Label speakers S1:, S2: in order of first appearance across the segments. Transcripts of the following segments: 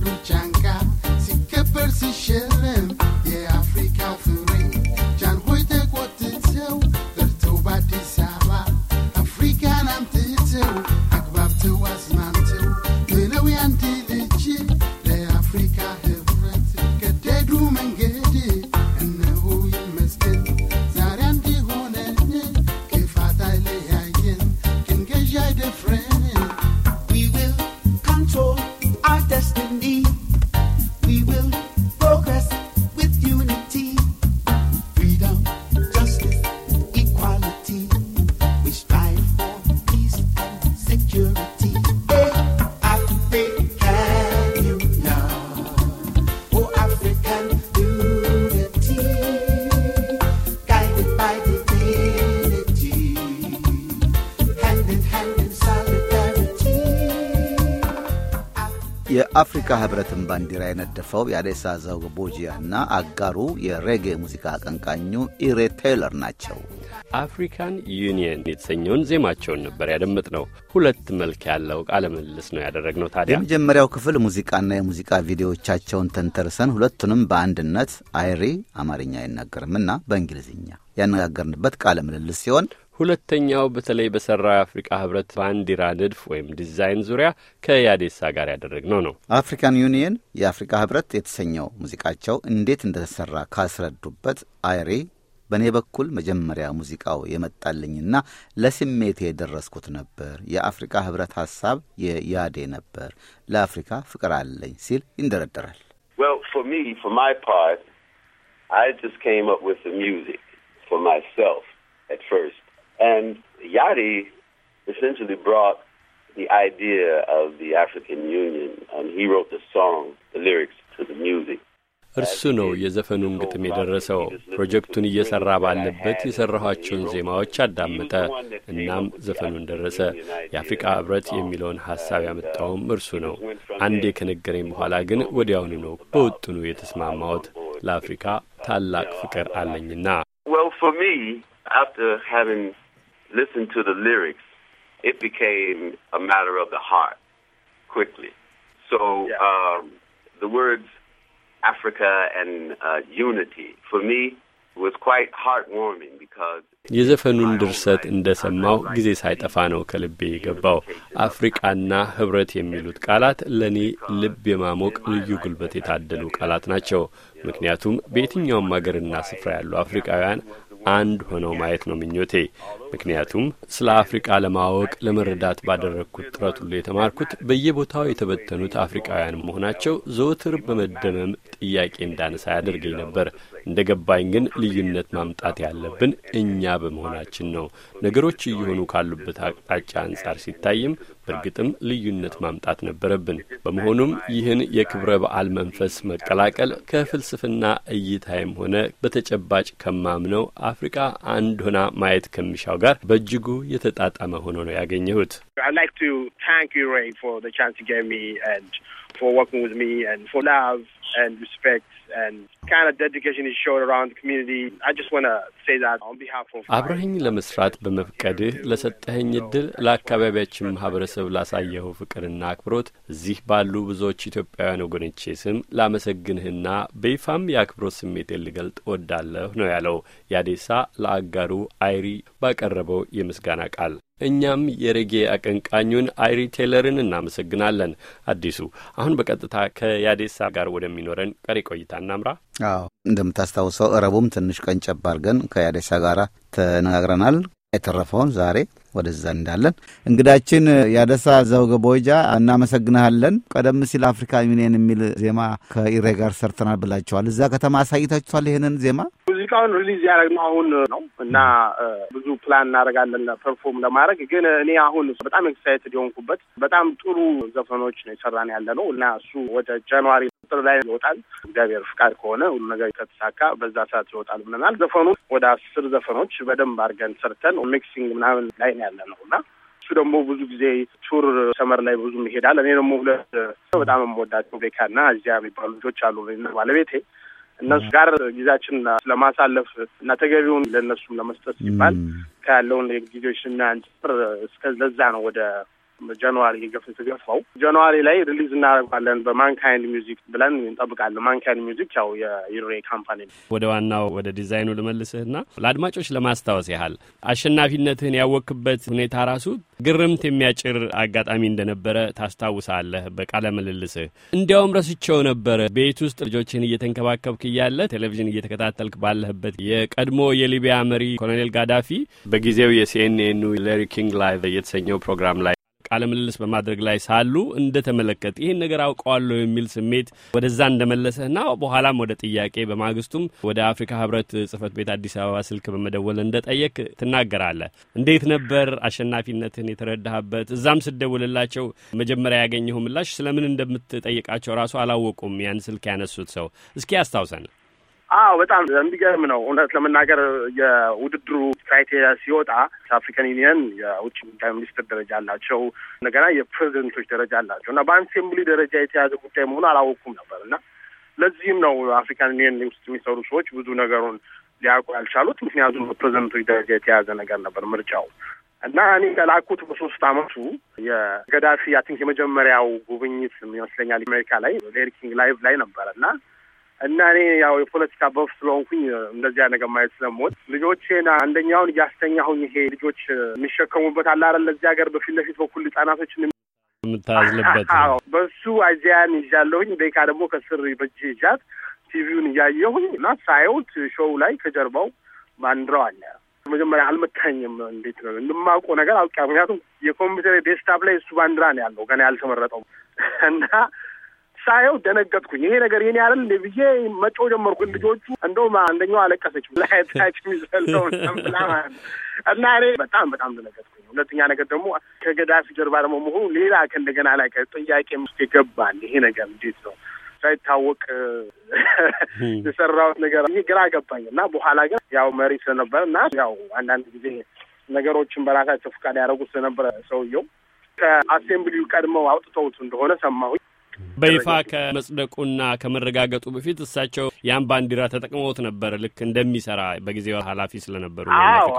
S1: Ruchanka, si que persiste
S2: የአፍሪካ ህብረትን ባንዲራ የነደፈው የአዴሳ ዘውግ ቦጂያ እና አጋሩ የሬጌ ሙዚቃ አቀንቃኙ ኢሬ ቴይለር ናቸው።
S3: አፍሪካን ዩኒየን የተሰኘውን ዜማቸውን ነበር ያደምጥ ነው። ሁለት መልክ ያለው ቃለ ምልልስ ነው ያደረግነው። ታዲያ የመጀመሪያው
S2: ክፍል ሙዚቃና የሙዚቃ ቪዲዮዎቻቸውን ተንተርሰን ሁለቱንም በአንድነት አይሪ አማርኛ አይናገርምና በእንግሊዝኛ ያነጋገርንበት ቃለ ምልልስ ሲሆን
S3: ሁለተኛው በተለይ በሰራው የአፍሪቃ ህብረት ባንዲራ ንድፍ ወይም ዲዛይን ዙሪያ ከያዴሳ ጋር ያደረግነው ነው።
S2: አፍሪካን ዩኒየን የአፍሪካ ህብረት የተሰኘው ሙዚቃቸው እንዴት እንደተሰራ ካስረዱበት አይሪ በእኔ በኩል መጀመሪያ ሙዚቃው የመጣልኝና ለስሜቴ የደረስኩት ነበር። የአፍሪካ ህብረት ሀሳብ የያዴ ነበር። ለአፍሪካ ፍቅር አለኝ ሲል ይንደረደራል።
S3: the idea of the African Union, and he wrote the song, the lyrics to the music. እርሱ ነው የዘፈኑን ግጥም የደረሰው። ፕሮጀክቱን እየሰራ ባለበት የሰራኋቸውን ዜማዎች አዳመጠ። እናም ዘፈኑን ደረሰ። የአፍሪቃ ህብረት የሚለውን ሀሳብ ያመጣውም እርሱ ነው። አንዴ ከነገረኝ በኋላ ግን ወዲያውኑ ነው በውጥኑ የተስማማሁት። ለአፍሪካ ታላቅ ፍቅር አለኝና ሪክስ So um, የዘፈኑን ድርሰት እንደ ሰማሁ ጊዜ ሳይጠፋ ነው ከልቤ የገባው። አፍሪቃና ህብረት የሚሉት ቃላት ለእኔ ልብ የማሞቅ ልዩ ጉልበት የታደሉ ቃላት ናቸው። ምክንያቱም በየትኛውም አገርና ስፍራ ያሉ አፍሪቃውያን አንድ ሆነው ማየት ነው ምኞቴ። ምክንያቱም ስለ አፍሪቃ ለማወቅ ለመረዳት ባደረግኩት ጥረት ሁሉ የተማርኩት በየቦታው የተበተኑት አፍሪቃውያን መሆናቸው ዘወትር በመደመም ጥያቄ እንዳነሳ ያደርገኝ ነበር። እንደ ገባኝ ግን ልዩነት ማምጣት ያለብን እኛ በመሆናችን ነው። ነገሮች እየሆኑ ካሉበት አቅጣጫ አንጻር ሲታይም እርግጥም ልዩነት ማምጣት ነበረብን። በመሆኑም ይህን የክብረ በዓል መንፈስ መቀላቀል ከፍልስፍና እይታይም ሆነ በተጨባጭ ከማምነው አፍሪቃ አንድ ሆና ማየት ከሚሻው ጋር በእጅጉ የተጣጣመ ሆኖ ነው ያገኘሁት። አብረኸኝ ለመስራት በመፍቀድህ ለሰጠኸኝ እድል ለአካባቢያችን ማህበረሰብ ላሳየኸው ፍቅርና አክብሮት እዚህ ባሉ ብዙዎች ኢትዮጵያውያን ወገኖቼ ስም ላመሰግንህና በይፋም የአክብሮት ስሜቴን ልገልጥ እወዳለሁ ነው ያለው ያዴሳ ለአጋሩ አይሪ ባቀረበው የምስጋና ቃል። እኛም የሬጌ አቀንቃኙን አይሪ ቴይለርን እናመሰግናለን። አዲሱ አሁን በቀጥታ ከያዴሳ ጋር ወደሚኖረን ቀሪ ቆይታ እናምራ።
S2: አዎ እንደምታስታውሰው ረቡም ትንሽ ቀን ጨባርገን ከያዴሳ ጋር ተነጋግረናል። የተረፈውን ዛሬ ወደዛ እንዳለን እንግዳችን ያደሳ ዘውገ ቦይጃ እናመሰግናለን። ቀደም ሲል አፍሪካ ዩኒየን የሚል ዜማ ከኢሬ ጋር ሰርተናል ብላቸዋል። እዛ ከተማ አሳይታችኋል ይህንን ዜማ።
S4: ሙዚቃውን ሪሊዝ ያደረግነው አሁን ነው እና ብዙ ፕላን እናደርጋለን ፐርፎርም ለማድረግ ግን እኔ አሁን በጣም ኤክሳይትድ የሆንኩበት በጣም ጥሩ ዘፈኖች ነው የሰራን ያለ ነው እና እሱ ወደ ጃንዋሪ ቁጥጥር ላይ ይወጣል። እግዚአብሔር ፍቃድ ከሆነ ሁሉ ነገር ከተሳካ በዛ ሰዓት ይወጣል ብለናል። ዘፈኑ ወደ አስር ዘፈኖች በደንብ አድርገን ሰርተን ሚክሲንግ ምናምን ላይ ነው ያለ ነው እና እሱ ደግሞ ብዙ ጊዜ ቱር ሰመር ላይ ብዙም ይሄዳል። እኔ ደግሞ ሁለት በጣም የምወዳቸው ቤካ እና እዚያ የሚባሉ ልጆች አሉ እና ባለቤቴ እነሱ ጋር ጊዜያችን ስለማሳለፍ እና ተገቢውን ለእነሱም ለመስጠት ሲባል ከያለውን ጊዜዎች ስናንጭር እስከ ለዛ ነው ወደ ጃንዋሪ የተገፋው ጃንዋሪ ላይ ሪሊዝ እናደርጓለን በማንካይንድ ሚውዚክ ብለን እንጠብቃለን። ማንካይንድ ሚውዚክ ያው የዩሬ ካምፓኒ።
S3: ወደ ዋናው ወደ ዲዛይኑ ልመልስህና ለአድማጮች ለማስታወስ ያህል አሸናፊነትህን ያወክበት ሁኔታ ራሱ ግርምት የሚያጭር አጋጣሚ እንደነበረ ታስታውሳለህ በቃለ ምልልስህ። እንዲያውም ረስቸው ነበር ቤት ውስጥ ልጆችን እየተንከባከብክ እያለ ቴሌቪዥን እየተከታተልክ ባለህበት የቀድሞ የሊቢያ መሪ ኮሎኔል ጋዳፊ በጊዜው የሲኤንኤኑ ሌሪ ኪንግ ላይቭ የተሰኘው ፕሮግራም ላይ ቃለ ምልልስ በማድረግ ላይ ሳሉ እንደተመለከት ይህን ነገር አውቀዋለሁ የሚል ስሜት ወደዛ እንደመለሰህና በኋላም ወደ ጥያቄ በማግስቱም ወደ አፍሪካ ህብረት ጽህፈት ቤት አዲስ አበባ ስልክ በመደወል እንደጠየቅ ትናገራለህ። እንዴት ነበር አሸናፊነትህን የተረዳህበት? እዛም ስደውልላቸው መጀመሪያ ያገኘሁ ምላሽ ስለምን እንደምትጠይቃቸው ራሱ አላወቁም። ያን ስልክ ያነሱት ሰው እስኪ ያስታውሰን።
S4: አዎ በጣም የሚገርም ነው። እውነት ለመናገር የውድድሩ ክራይቴሪያ ሲወጣ አፍሪካን ዩኒየን የውጭ ጉዳይ ሚኒስትር ደረጃ አላቸው፣ እንደገና የፕሬዚደንቶች ደረጃ አላቸው እና በአንሴምብሊ ደረጃ የተያዘ ጉዳይ መሆኑ አላወቅኩም ነበር እና ለዚህም ነው አፍሪካን ዩኒየን ውስጥ የሚሰሩ ሰዎች ብዙ ነገሩን ሊያውቁ ያልቻሉት፣ ምክንያቱም በፕሬዚደንቶች ደረጃ የተያዘ ነገር ነበር ምርጫው እና እኔ ከላኩት በሶስት አመቱ የገዳፊ አይ ቲንክ የመጀመሪያው ጉብኝት ይመስለኛል አሜሪካ ላይ ኤሪኪንግ ላይቭ ላይ ነበረ እና እና እኔ ያው የፖለቲካ በፍ ስለሆንኩኝ እንደዚያ ነገር ማየት ስለምወድ ልጆቼን አንደኛውን እያስተኛሁኝ ይሄ ልጆች የሚሸከሙበት አለ አይደል እዚህ ሀገር በፊት ለፊት በኩል ህጻናቶችን
S3: የምታዝልበት
S4: በሱ አዚያን ይዣለሁኝ። ቤካ ደግሞ ከስር በእጅ ይዣት ቲቪውን እያየሁኝ እና ሳየውት ሾው ላይ ከጀርባው ባንድረው አለ። መጀመሪያ አልመታኝም። እንዴት ነው እንደማውቀው ነገር አውቅ ምክንያቱም የኮምፒውተር ዴስክታፕ ላይ እሱ ባንድራ ነው ያለው ገና ያልተመረጠው እና ሳየው ደነገጥኩኝ። ይሄ ነገር የኔ አይደል እንደ ብዬ መጮ ጀመርኩኝ። ልጆቹ እንደውም አንደኛው አለቀሰች ላየታችን የሚዘለው እና እኔ በጣም በጣም ደነገጥኩኝ። ሁለተኛ ነገር ደግሞ ከገዳፊ ጀርባ ደግሞ መሆኑ ሌላ ከእንደገና ላይ ጥያቄ ውስጥ ይገባል። ይሄ ነገር እንዴት ነው ሳይታወቅ የሰራሁት ነገር ይህ ግራ ገባኝ እና በኋላ ግን ያው መሪ ስለነበረ እና ያው አንዳንድ ጊዜ ነገሮችን በራሳቸው ፈቃድ ያደረጉት ስለነበረ ሰውየው ከአሴምብሊው ቀድመው አውጥተውት እንደሆነ ሰማሁ።
S3: በይፋ ከመጽደቁና ከመረጋገጡ በፊት እሳቸው ያን ባንዲራ ተጠቅመውት ነበር። ልክ እንደሚሰራ በጊዜው ኃላፊ ስለነበሩ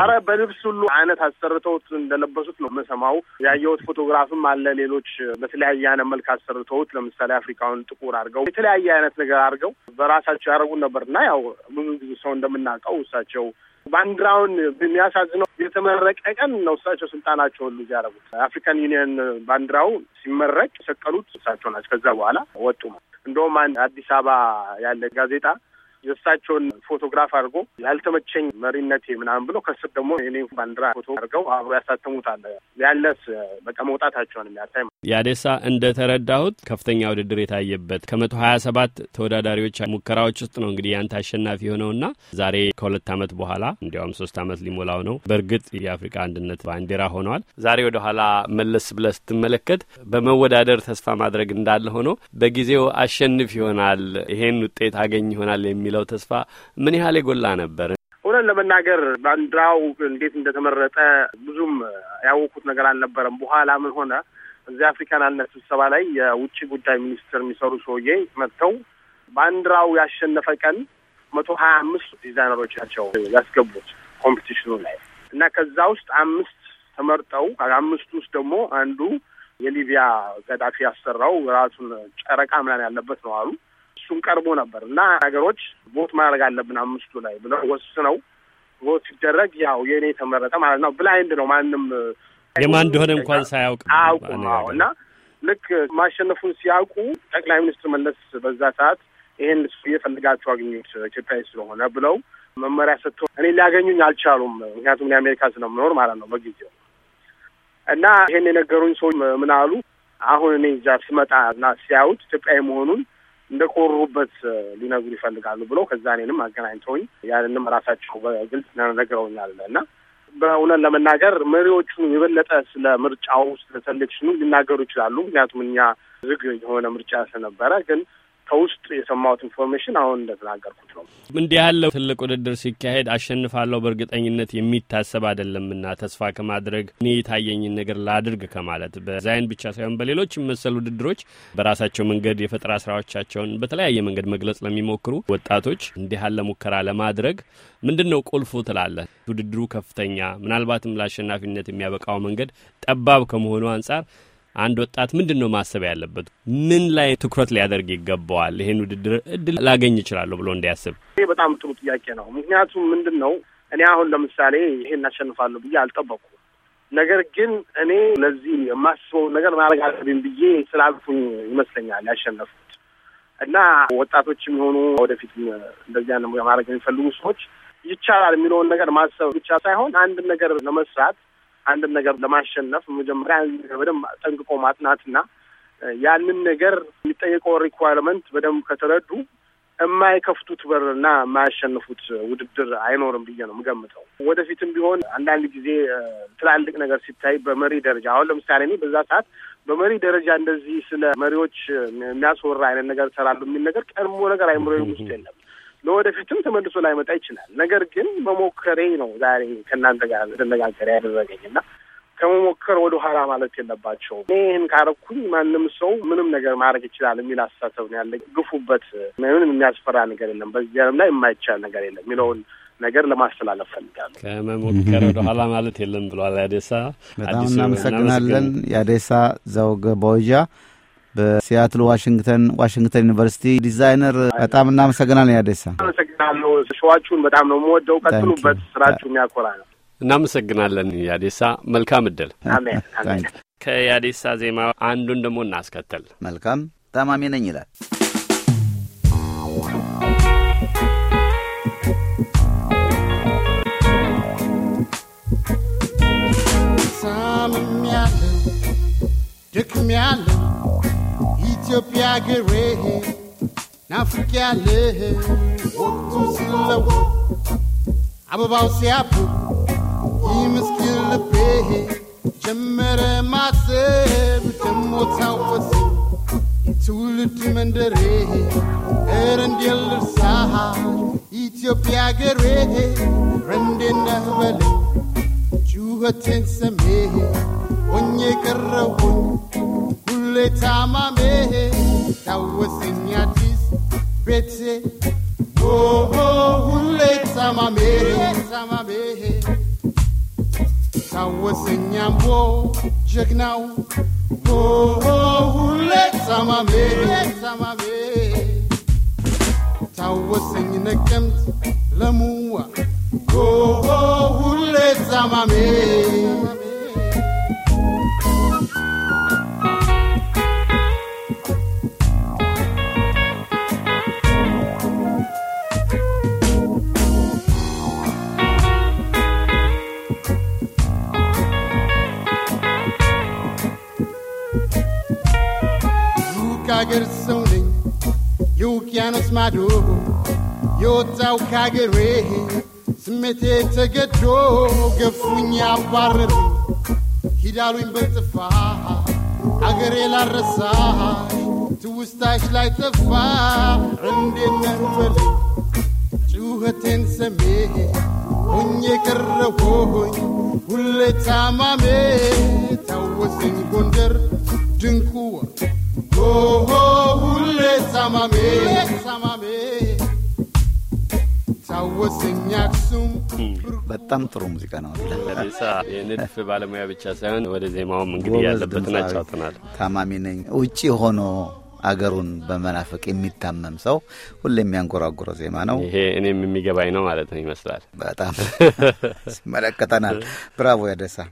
S3: አረ
S4: በልብስ ሁሉ አይነት አሰርተውት እንደለበሱት ነው የምሰማው። ያየሁት ፎቶግራፍም አለ። ሌሎች በተለያየ አይነት መልክ አሰርተውት፣ ለምሳሌ አፍሪካውን ጥቁር አድርገው የተለያየ አይነት ነገር አድርገው በራሳቸው ያደረጉን ነበር እና ያው ብዙ ጊዜ ሰው እንደምናውቀው እሳቸው ባንዲራውን የሚያሳዝነው የተመረቀ ቀን ነው እሳቸው ስልጣናቸው ሁሉ ያደረጉት። አፍሪካን ዩኒየን ባንዲራው ሲመረቅ የሰቀሉት እሳቸው ናቸው። ከዛ በኋላ ወጡ። እንደውም አንድ አዲስ አበባ ያለ ጋዜጣ የእሳቸውን ፎቶግራፍ አድርጎ ያልተመቸኝ መሪነቴ ምናምን ብሎ ከስር ደግሞ የኔ ባንዲራ ፎቶ አድርገው አብሮ ያሳተሙታል። ያለስ በቃ መውጣታቸውን የሚያሳይ
S3: የአዴሳ እንደተረዳሁት ከፍተኛ ውድድር የታየበት ከመቶ ሀያ ሰባት ተወዳዳሪዎች ሙከራዎች ውስጥ ነው እንግዲህ ያንተ አሸናፊ የሆነውና ዛሬ ከሁለት ዓመት በኋላ እንዲያውም ሶስት ዓመት ሊሞላው ነው። በእርግጥ የአፍሪካ አንድነት ባንዲራ ሆነዋል። ዛሬ ወደ ኋላ መለስ ብለህ ስትመለከት በመወዳደር ተስፋ ማድረግ እንዳለ ሆኖ በጊዜው አሸንፍ ይሆናል ይሄን ውጤት አገኝ ይሆናል የሚል የሚለው ተስፋ ምን ያህል የጎላ ነበር?
S4: እውነት ለመናገር ባንዲራው እንዴት እንደተመረጠ ብዙም ያወቁት ነገር አልነበረም። በኋላ ምን ሆነ እዚህ አፍሪካን አንድነት ስብሰባ ላይ የውጭ ጉዳይ ሚኒስትር የሚሰሩ ሰውዬ መጥተው ባንዲራው ያሸነፈ ቀን መቶ ሀያ አምስት ዲዛይነሮች ናቸው ያስገቡት ኮምፒቲሽኑ ላይ እና ከዛ ውስጥ አምስት ተመርጠው አምስቱ ውስጥ ደግሞ አንዱ የሊቢያ ገዳፊ ያሰራው ራሱን ጨረቃ ምናምን ያለበት ነው አሉ። እሱን ቀርቦ ነበር እና ሀገሮች ቦት ማድረግ አለብን አምስቱ ላይ ብለው ወስነው ቦት ሲደረግ ያው የእኔ የተመረጠ ማለት ነው። ብላይንድ ነው ማንም የማን እንደሆነ እንኳን ሳያውቅ አያውቁ እና ልክ ማሸነፉን ሲያውቁ ጠቅላይ ሚኒስትር መለስ በዛ ሰዓት ይሄን እየፈልጋችሁ አግኙት ኢትዮጵያዊ ስለሆነ ብለው መመሪያ ሰጥቶ እኔ ሊያገኙኝ አልቻሉም። ምክንያቱም እኔ አሜሪካ ስለምኖር ማለት ነው በጊዜው እና ይሄን የነገሩኝ ሰው ምን አሉ፣ አሁን እኔ እዛ ስመጣ እና ሲያዩት ኢትዮጵያዊ መሆኑን እንደቆሩበት ሊነግሩ ይፈልጋሉ ብለው ከዛ እኔንም አገናኝተውኝ ያንንም ራሳቸው በግልጽ ነግረውኛል እና በእውነት ለመናገር መሪዎቹ የበለጠ ስለ ምርጫው ስለ ሰሌክሽኑ ሊናገሩ ይችላሉ። ምክንያቱም እኛ ዝግ የሆነ ምርጫ ስለነበረ ግን ከውስጥ የሰማሁት ኢንፎርሜሽን አሁን እንደተናገርኩት ነው።
S3: እንዲህ ያለው ትልቅ ውድድር ሲካሄድ አሸንፋለሁ በእርግጠኝነት የሚታሰብ አይደለምና ተስፋ ከማድረግ እኔ የታየኝን ነገር ላድርግ ከማለት በዛይን ብቻ ሳይሆን በሌሎች መሰል ውድድሮች በራሳቸው መንገድ የፈጠራ ስራዎቻቸውን በተለያየ መንገድ መግለጽ ለሚሞክሩ ወጣቶች እንዲህ ያለ ሙከራ ለማድረግ ምንድን ነው ቁልፉ ትላለህ? ውድድሩ ከፍተኛ ምናልባትም ለአሸናፊነት የሚያበቃው መንገድ ጠባብ ከመሆኑ አንጻር አንድ ወጣት ምንድን ነው ማሰብ ያለበት? ምን ላይ ትኩረት ሊያደርግ ይገባዋል? ይህን ውድድር እድል ላገኝ እችላለሁ ብሎ እንዲያስብ።
S4: ይህ በጣም ጥሩ ጥያቄ ነው። ምክንያቱም ምንድን ነው እኔ አሁን ለምሳሌ ይሄን እናሸንፋለሁ ብዬ አልጠበቅኩም። ነገር ግን እኔ ለዚህ የማስበውን ነገር ማረጋገብን ብዬ ስላልኩኝ ይመስለኛል ያሸነፉት እና ወጣቶች የሚሆኑ ወደፊት እንደዚያ ማድረግ የሚፈልጉ ሰዎች ይቻላል የሚለውን ነገር ማሰብ ብቻ ሳይሆን አንድ ነገር ለመስራት አንድም ነገር ለማሸነፍ መጀመሪያ በደንብ ጠንቅቆ ማጥናትና ያንን ነገር የሚጠየቀው ሪኳርመንት በደንብ ከተረዱ የማይከፍቱት በርና የማያሸንፉት ውድድር አይኖርም ብዬ ነው የምገምተው። ወደፊትም ቢሆን አንዳንድ ጊዜ ትላልቅ ነገር ሲታይ በመሪ ደረጃ አሁን ለምሳሌ እኔ በዛ ሰዓት በመሪ ደረጃ እንደዚህ ስለ መሪዎች የሚያስወራ አይነት ነገር እሰራለሁ የሚል ነገር ቀድሞ ነገር አይምሮ ውስጥ የለም። ለወደፊትም ተመልሶ ላይመጣ ይችላል። ነገር ግን መሞከሬ ነው ዛሬ ከእናንተ ጋር እንድነጋገር ያደረገኝ እና ከመሞከር ወደ ኋላ ማለት የለባቸው። እኔ ይህን ካረኩኝ ማንም ሰው ምንም ነገር ማድረግ ይችላል የሚል አስተሳሰብ ነው ያለ። ግፉበት፣ ምንም የሚያስፈራ ነገር የለም፣ በዚህ ዓለም ላይ የማይቻል ነገር የለም የሚለውን ነገር ለማስተላለፍ ፈልጋለሁ።
S3: ከመሞከር ወደ ኋላ ማለት የለም ብሏል ያደሳ። በጣም
S2: እናመሰግናለን ያደሳ ዘውግ ቦጃ። በሲያትል ዋሽንግተን ዋሽንግተን ዩኒቨርሲቲ ዲዛይነር። በጣም እናመሰግናለን ያደሳ።
S4: አመሰግናለሁ። ሸዋችሁን በጣም ነው የምወደው። ቀጥሉበት፣ ስራችሁ የሚያኮራ ነው።
S3: እናመሰግናለን ያዴሳ። መልካም እድል። ከያዴሳ ዜማ አንዱን ደግሞ እናስከተል። መልካም ታማሚ ነኝ ይላል
S1: ታምሜያለሁ፣ ደክሜያለሁ Ethiopia gere na Africa le wo sila wo ababa siapu the pe chemere mase bitmo tsawos itulut mendere erendel saha Ethiopia gere rendin na wale juha tense me onye karawo leta mamehe tawo sinyati bete oh oh leta mamehe leta mamehe tawo sinyambo jegnau oh oh leta mamehe leta mamehe tawo sinyinekamt lamuwa oh oh leta mamehe you can smart oh you tell kagere smete to get to go funya barr hidalu in but fa agere la rasa to stash like the fa and in the juhatin same unye karro ሁሌ ታማሜ ታወሰኝ ጎንደር ድንቁ ሆሆ
S3: በጣም ጥሩ ሙዚቃ ነው። ለሳ የንድፍ ባለሙያ ብቻ ሳይሆን ወደ ዜማውም እንግዲህ ያለበትን አጫውተናል።
S2: ታማሚ ነኝ ውጭ ሆኖ አገሩን በመናፈቅ የሚታመም ሰው ሁሌ የሚያንጎራጉረው ዜማ ነው ይሄ።
S3: እኔም የሚገባኝ ነው ማለት ነው
S2: ይመስላል። በጣም ይመለከተናል። ብራቮ ያደሳ